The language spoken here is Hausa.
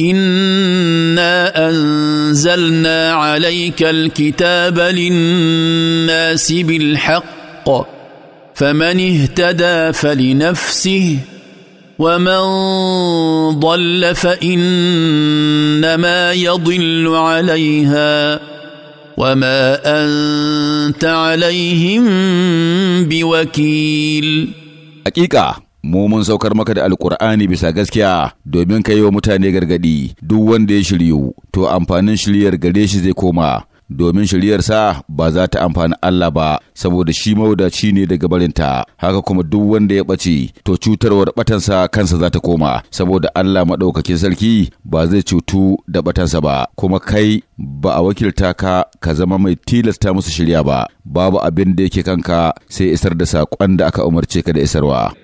انا انزلنا عليك الكتاب للناس بالحق فمن اهتدى فلنفسه ومن ضل فانما يضل عليها وما انت عليهم بوكيل mu mun saukar maka da alkur'ani bisa gaskiya domin ka yi wa mutane gargadi duk wanda ya shiryu to amfanin shiryar gare shi zai koma domin shiryarsa ba za ta amfani Allah ba saboda shi mawadaci ne daga barinta haka kuma duk wanda ya ɓace to cutarwar batansa kansa za ta koma saboda Allah maɗaukakin sarki ba zai cutu da batansa ba kuma kai ba a wakilta ka ka zama mai tilasta musu shirya ba babu abin da yake kanka sai isar da saƙon da aka umarce ka da isarwa